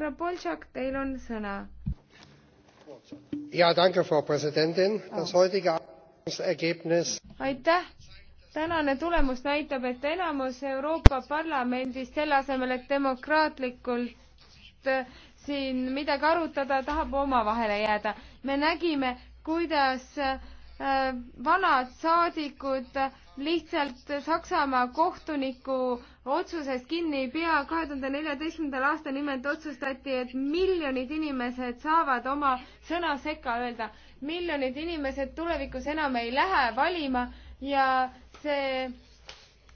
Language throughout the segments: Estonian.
härra Boltšak, teil on sõna. ja tänke, proua presidentin, oh. das heutige ergebnis. aitäh tänane tulemus näitab, et enamus Euroopa Parlamendis selle asemel, et demokraatlikult äh, siin midagi arutada, tahab omavahele jääda. me nägime, kuidas äh, vanad saadikud lihtsalt Saksamaa kohtuniku otsusest kinni ei pea. kahe tuhande neljateistkümnendal aastal nimelt otsustati, et miljonid inimesed saavad oma sõna sekka öelda. miljonid inimesed tulevikus enam ei lähe valima ja see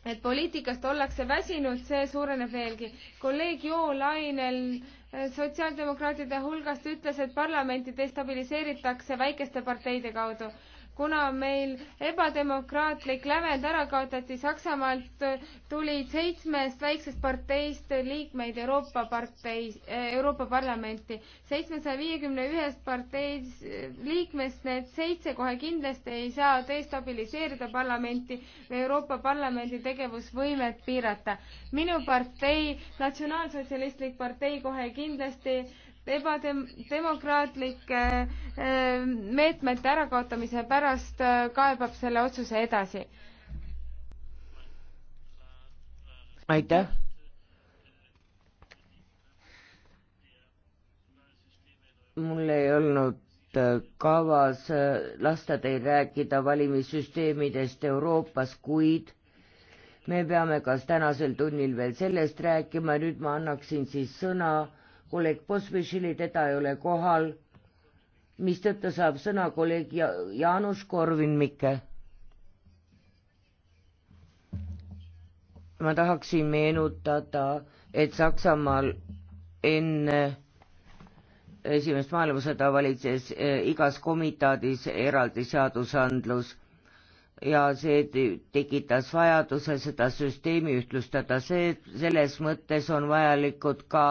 et poliitikast ollakse väsinud, see suureneb veelgi. kolleeg Jo Lainel eh, sotsiaaldemokraatide hulgast ütles, et parlamenti destabiliseeritakse väikeste parteide kaudu kuna meil ebademokraatlik lävend ära kaotati Saksamaalt, äh, tulid seitsmest väiksest parteist liikmeid Euroopa partei, äh, Euroopa Parlamenti. seitsmesaja viiekümne ühest parteis äh, liikmest need seitse kohe kindlasti ei saa destabiliseerida parlamenti või Euroopa Parlamendi tegevusvõimet piirata. minu partei, Natsionaalsotsialistlik partei kohe kindlasti ebademokraatlike eh, meetmete ärakaotamise pärast eh, kaebab selle otsuse edasi. aitäh. mul ei olnud eh, kavas lasta teil rääkida valimissüsteemidest Euroopas, kuid me peame kas tänasel tunnil veel sellest rääkima, nüüd ma annaksin siis sõna kolleeg Posvešili, teda ei ole kohal, mistõttu saab sõna kolleeg ja Jaanus Korvin-Mikke. ma tahaksin meenutada, et Saksamaal enne esimest maailmasõda valitses eh, igas komitaadis eraldi seadusandlus ja see tekitas vajaduse seda süsteemi ühtlustada, see, selles mõttes on vajalikud ka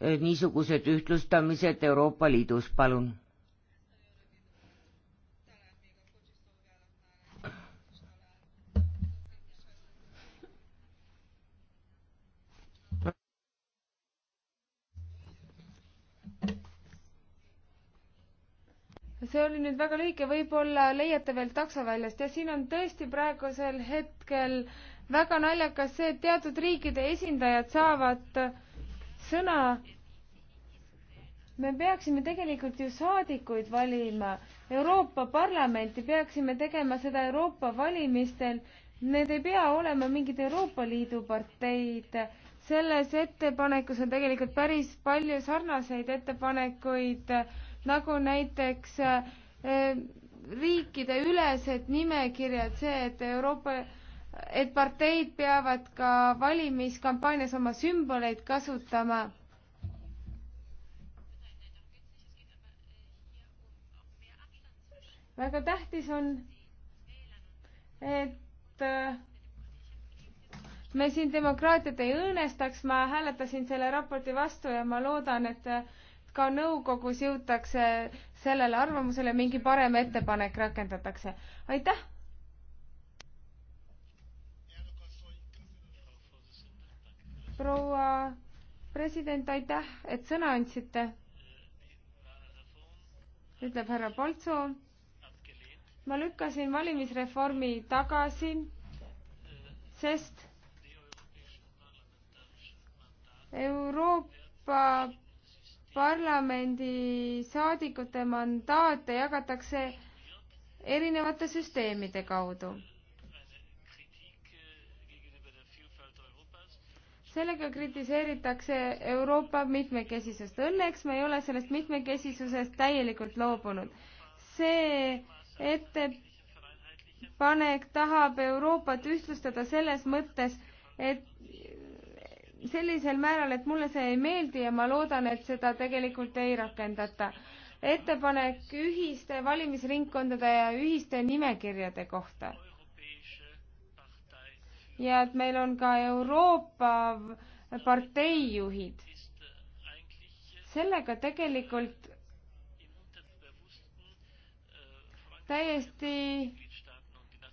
niisugused ühtlustamised Euroopa Liidus, palun. see oli nüüd väga lühike, võib-olla leiate veel taksoväljast ja siin on tõesti praegusel hetkel väga naljakas see, et teatud riikide esindajad saavad äh, sõna. me peaksime tegelikult ju saadikuid valima Euroopa Parlamenti, peaksime tegema seda Euroopa valimistel. Need ei pea olema mingid Euroopa Liidu parteid. selles ettepanekus on tegelikult päris palju sarnaseid ettepanekuid, nagu näiteks eh, riikide ülesed nimekirjad, see, et Euroopa et parteid peavad ka valimiskampaanias oma sümboleid kasutama väga tähtis on, et me siin demokraatiat ei õõnestaks, ma hääletasin selle raporti vastu ja ma loodan, et ka nõukogus jõutakse sellele arvamusele, mingi parem ettepanek rakendatakse. aitäh! proua president, aitäh, et sõna andsite, ütleb härra Poltso. ma lükkasin valimisreformi tagasi, sest Euroopa Parlamendi saadikute mandaate jagatakse erinevate süsteemide kaudu sellega kritiseeritakse Euroopa mitmekesisust. Õnneks me ei ole sellest mitmekesisusest täielikult loobunud. see ettepanek tahab Euroopat ühtlustada selles mõttes, et sellisel määral, et mulle see ei meeldi ja ma loodan, et seda tegelikult ei rakendata. ettepanek ühiste valimisringkondade ja ühiste nimekirjade kohta ja et meil on ka Euroopa parteijuhid. sellega tegelikult täiesti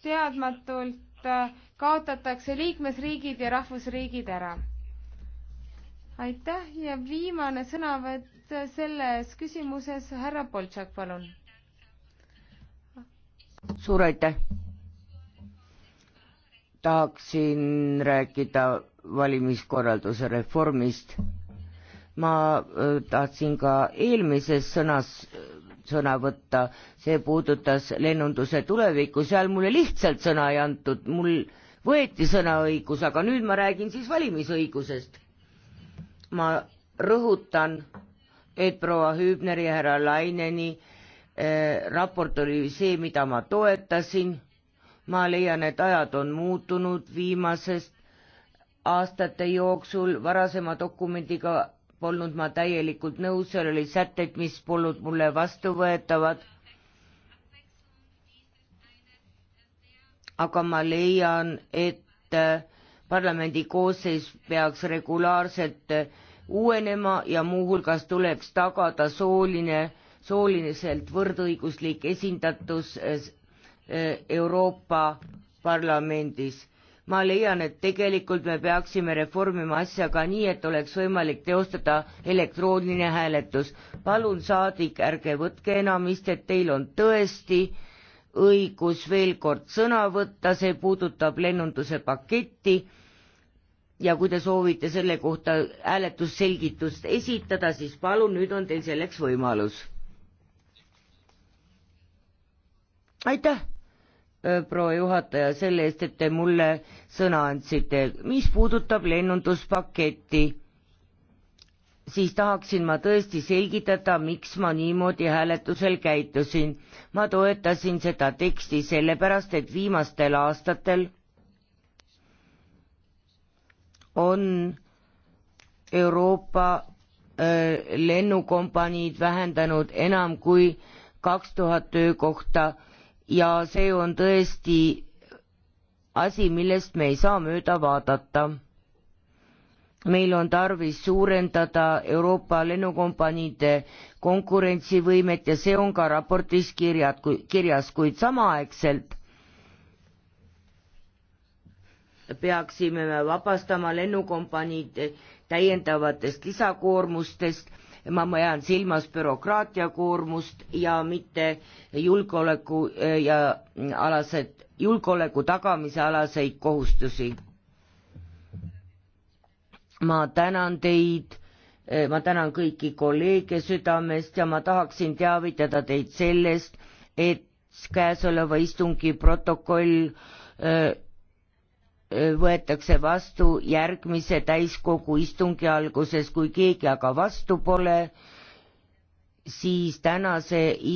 teadmatult kaotatakse liikmesriigid ja rahvusriigid ära. aitäh ja viimane sõnavõtt selles küsimuses, härra Boltšak, palun. suur aitäh tahaksin rääkida valimiskorralduse reformist. ma äh, tahtsin ka eelmises sõnas äh, sõna võtta, see puudutas lennunduse tulevikku, seal mulle lihtsalt sõna ei antud, mul võeti sõnaõigus, aga nüüd ma räägin siis valimisõigusest. ma rõhutan, et proua Hübneri ja härra Laineni äh, raport oli see, mida ma toetasin ma leian, et ajad on muutunud viimasest aastate jooksul, varasema dokumendiga polnud ma täielikult nõus, seal oli sätteid, mis polnud mulle vastuvõetavad. aga ma leian, et äh, parlamendi koosseis peaks regulaarselt äh, uuenema ja muuhulgas tuleks tagada sooline, sooliselt võrdõiguslik esindatus äh, Eh, Euroopa Parlamendis. ma leian, et tegelikult me peaksime reformima asja ka nii, et oleks võimalik teostada elektrooniline hääletus. palun, saadik, ärge võtke enam istet, teil on tõesti õigus veel kord sõna võtta, see puudutab lennunduse paketti ja kui te soovite selle kohta hääletusselgitust esitada, siis palun, nüüd on teil selleks võimalus. aitäh Äh, proua juhataja, selle eest, et te mulle sõna andsite. mis puudutab lennunduspaketti, siis tahaksin ma tõesti selgitada, miks ma niimoodi hääletusel käitusin. ma toetasin seda teksti sellepärast, et viimastel aastatel on Euroopa äh, lennukompaniid vähendanud enam kui kaks tuhat töökohta ja see on tõesti asi, millest me ei saa mööda vaadata. meil on tarvis suurendada Euroopa lennukompaniide konkurentsivõimet ja see on ka raportis kirjad, kirjas, kuid samaaegselt peaksime me vabastama lennukompaniid täiendavatest lisakoormustest ma, ma jään silmas bürokraatia koormust ja mitte julgeoleku äh, ja alased, julgeoleku tagamise alaseid kohustusi. ma tänan teid äh, ma tänan kõiki kolleege südamest ja ma tahaksin teavitada teid sellest, et käesoleva istungi protokoll öö, äh, võetakse vastu järgmise täiskogu istungi alguses, kui keegi aga vastu pole, siis tänase